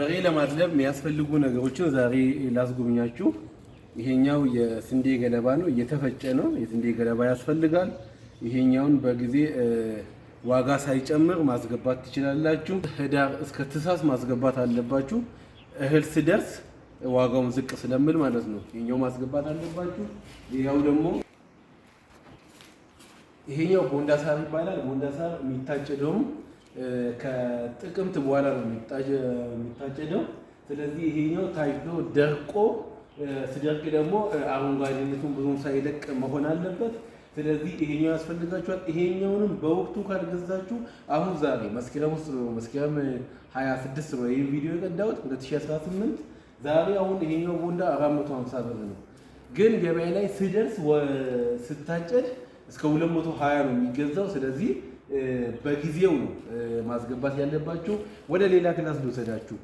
በሬ ለማድለብ የሚያስፈልጉ ነገሮችን ዛሬ ላስጎብኛችሁ። ይሄኛው የስንዴ ገለባ ነው፣ እየተፈጨ ነው። የስንዴ ገለባ ያስፈልጋል። ይሄኛውን በጊዜ ዋጋ ሳይጨምር ማስገባት ትችላላችሁ። ህዳር እስከ ትሳስ ማስገባት አለባችሁ። እህል ስደርስ ዋጋውን ዝቅ ስለምል ማለት ነው። ይሄኛው ማስገባት አለባችሁ። ይሄው ደግሞ ይሄኛው ቦንዳ ሳር ይባላል። ቦንዳሳር የሚታጨደውም ከጥቅምት በኋላ ነው የሚታጨደው። ስለዚህ ይሄኛው ታጭዶ ደርቆ ስደርቅ ደግሞ አረንጓዴነቱን ብዙም ሳይለቅ መሆን አለበት። ስለዚህ ይሄኛው ያስፈልጋችኋል። ይሄኛውንም በወቅቱ ካልገዛችሁ አሁን ዛሬ መስከረም ውስጥ ነው መስከረም 26 ነው ይህ ቪዲዮ የቀዳሁት 2018 ዛሬ አሁን ይሄኛው ቦንዳ 450 ብር ነው፣ ግን ገበያ ላይ ስደርስ ስታጨድ እስከ 220 ነው የሚገዛው። ስለዚህ በጊዜው ነው ማስገባት ያለባችሁ። ወደ ሌላ ክላስ ልውሰዳችሁ።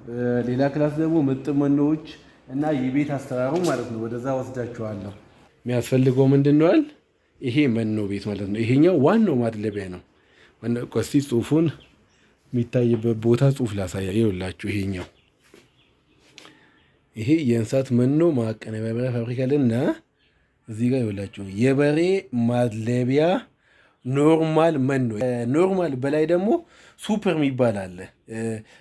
ሌላ ክላስ ደግሞ ምጥን መኖዎች እና የቤት አሰራሩ ማለት ነው። ወደዛ ወስዳችኋለሁ። የሚያስፈልገው ምንድን ነዋል? ይሄ መኖ ቤት ማለት ነው። ይሄኛው ዋናው ማድለቢያ ነው። ቆስቲ ጽሁፉን የሚታይበት ቦታ ጽሁፍ ላሳያ ይውላችሁ። ይሄኛው ይሄ የእንስሳት መኖ ማቀነባበሪያ ፋብሪካ ልና እዚህ ጋር ይውላችሁ የበሬ ማድለቢያ ኖርማል መን ነው። ኖርማል በላይ ደግሞ ሱፐር የሚባል አለ።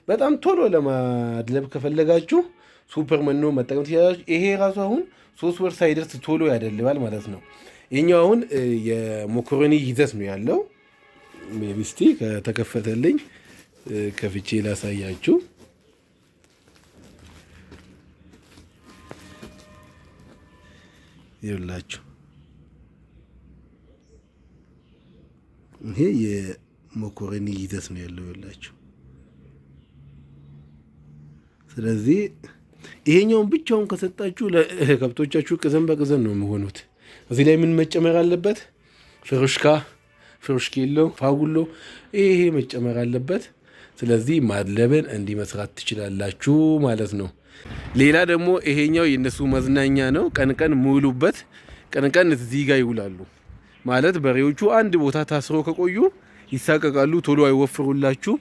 በጣም ቶሎ ለማድለብ ከፈለጋችሁ ሱፐር መኖ መጠቀም ትችላላችሁ። ይሄ ራሱ አሁን ሶስት ወር ሳይደርስ ቶሎ ያደልባል ማለት ነው። የኛው አሁን የሞኮሮኒ ይዘት ነው ያለው። ሚስቲ ከተከፈተልኝ ከፍቼ ላሳያችሁ። ይላችሁ ይሄ የሞኮረኒ ይዘት ነው ያለው ያላችሁ። ስለዚህ ይሄኛውን ብቻውን ከሰጣችሁ ከብቶቻችሁ ቅዘን በቅዘን ነው የሚሆኑት። እዚህ ላይ ምን መጨመር አለበት? ፍሩሽካ፣ ፍሩሽኬሎ፣ ፋጉሎ ይሄ መጨመር አለበት። ስለዚህ ማድለብን እንዲህ መስራት ትችላላችሁ ማለት ነው። ሌላ ደግሞ ይሄኛው የእነሱ መዝናኛ ነው። ቀን ቀን ሙሉበት፣ ቀን ቀን እዚህ ጋር ይውላሉ። ማለት በሬዎቹ አንድ ቦታ ታስረው ከቆዩ ይሳቀቃሉ፣ ቶሎ አይወፍሩላችሁም።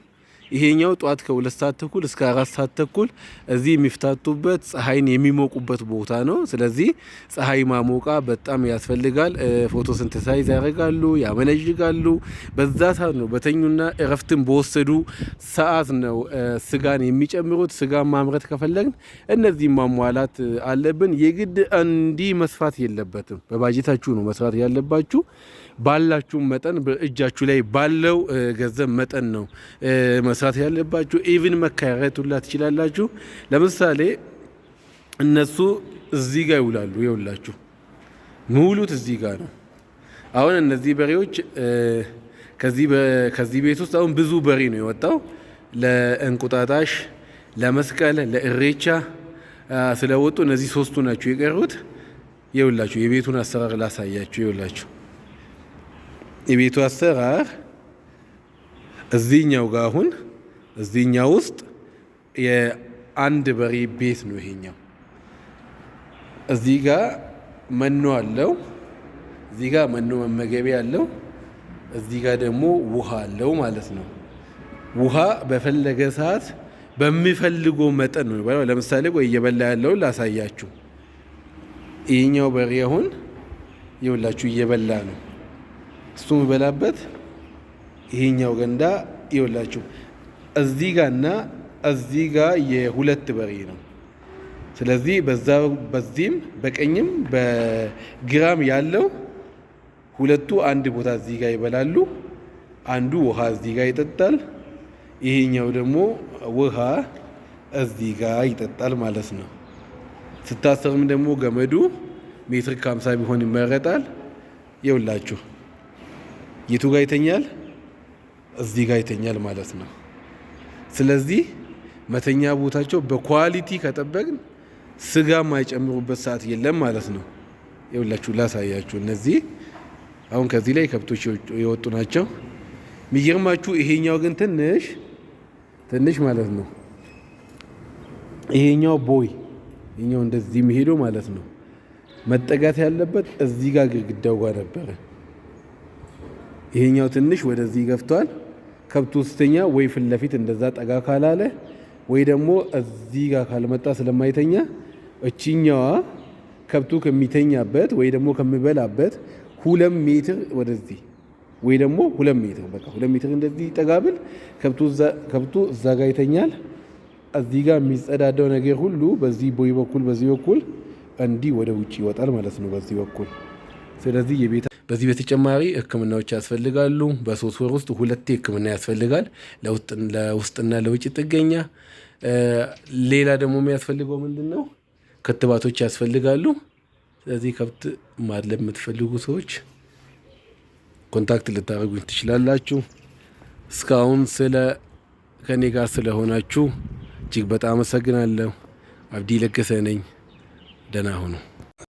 ይሄኛው ጧት ከሁለት ሰዓት ተኩል እስከ አራት ሰዓት ተኩል እዚህ የሚፍታቱበት ፀሐይን የሚሞቁበት ቦታ ነው። ስለዚህ ፀሐይ ማሞቃ በጣም ያስፈልጋል። ፎቶሲንተሳይዝ ያደርጋሉ፣ ያመነዥጋሉ። በዛ ሰዓት ነው በተኙና እረፍትን በወሰዱ ሰዓት ነው ስጋን የሚጨምሩት። ስጋን ማምረት ከፈለግን እነዚህ ማሟላት አለብን። የግድ እንዲህ መስፋት የለበትም። በባጀታችሁ ነው መስራት ያለባችሁ። ባላችሁ መጠን በእጃችሁ ላይ ባለው ገንዘብ መጠን ነው መስራት ያለባችሁ። ኢቭን መከራየት ሁላ ትችላላችሁ። ለምሳሌ እነሱ እዚህ ጋር ይውላሉ። ይውላችሁ ሙሉት እዚህ ጋር ነው። አሁን እነዚህ በሬዎች ከዚህ ቤት ውስጥ አሁን ብዙ በሬ ነው የወጣው ለእንቁጣጣሽ፣ ለመስቀል፣ ለእሬቻ ስለወጡ እነዚህ ሶስቱ ናቸው የቀሩት። ይውላችሁ የቤቱን አሰራር ላሳያችሁ። ይውላችሁ የቤቱ አሰራር እዚህኛው ጋር አሁን እዚህኛው ውስጥ የአንድ በሬ ቤት ነው ይሄኛው። እዚህ ጋር መኖ አለው፣ እዚህ ጋር መኖ መመገቢያ አለው፣ እዚህ ጋር ደግሞ ውሃ አለው ማለት ነው። ውሃ በፈለገ ሰዓት በሚፈልገው መጠን ነው። ለምሳሌ ወይ እየበላ ያለውን ላሳያችሁ። ይህኛው በሬ አሁን ይኸውላችሁ እየበላ ነው። እሱ የሚበላበት ይሄኛው ገንዳ ይወላችሁ እዚህ ጋርና እዚህ ጋር የሁለት በሬ ነው። ስለዚህ በዚህም በቀኝም በግራም ያለው ሁለቱ አንድ ቦታ እዚህ ጋር ይበላሉ። አንዱ ውሃ እዚህ ጋር ይጠጣል። ይሄኛው ደግሞ ውሃ እዚህ ጋር ይጠጣል ማለት ነው። ስታሰርም ደግሞ ገመዱ ሜትር ከ50 ቢሆን ይመረጣል። ይውላችሁ የቱ ጋር ይተኛል? እዚህ ጋር ይተኛል ማለት ነው። ስለዚህ መተኛ ቦታቸው በኳሊቲ ከጠበቅን ስጋ የማይጨምሩበት ሰዓት የለም ማለት ነው። ይኸውላችሁ ላሳያችሁ። እነዚህ አሁን ከዚህ ላይ ከብቶች የወጡ ናቸው። የሚገርማችሁ ይሄኛው ግን ትንሽ ትንሽ ማለት ነው። ይሄኛው ቦይ ይሄኛው እንደዚህ የሚሄደው ማለት ነው። መጠጋት ያለበት እዚህ ጋር ግድግዳው ጋር ነበረ። ይሄኛው ትንሽ ወደዚህ ይገፍተዋል። ከብቱ ስተኛ ወይ ፊት ለፊት እንደዛ ጠጋ ካላለ ወይ ደግሞ እዚህ ጋር ካልመጣ ስለማይተኛ እችኛዋ ከብቱ ከሚተኛበት ወይ ደግሞ ከሚበላበት ሁለት ሜትር ወደዚህ ወይ ደግሞ ሁለት ሜትር በቃ ሁለት ሜትር እንደዚህ ይጠጋብል። ከብቱ እዛ ጋር ይተኛል። እዚህ ጋር የሚጸዳደው ነገር ሁሉ በዚህ ቦይ በኩል በዚህ በኩል እንዲህ ወደ ውጭ ይወጣል ማለት ነው በዚህ በኩል ስለዚህ የቤታ በዚህ በተጨማሪ ህክምናዎች ያስፈልጋሉ። በሶስት ወር ውስጥ ሁለቴ ህክምና ያስፈልጋል፣ ለውስጥና ለውጭ ጥገኛ። ሌላ ደግሞ የሚያስፈልገው ምንድን ነው? ክትባቶች ያስፈልጋሉ። ስለዚህ ከብት ማድለብ የምትፈልጉ ሰዎች ኮንታክት ልታደርጉኝ ትችላላችሁ። እስካሁን ስለ ከኔ ጋር ስለሆናችሁ እጅግ በጣም አመሰግናለሁ። አብዲ ለገሰ ነኝ። ደህና ሁኑ።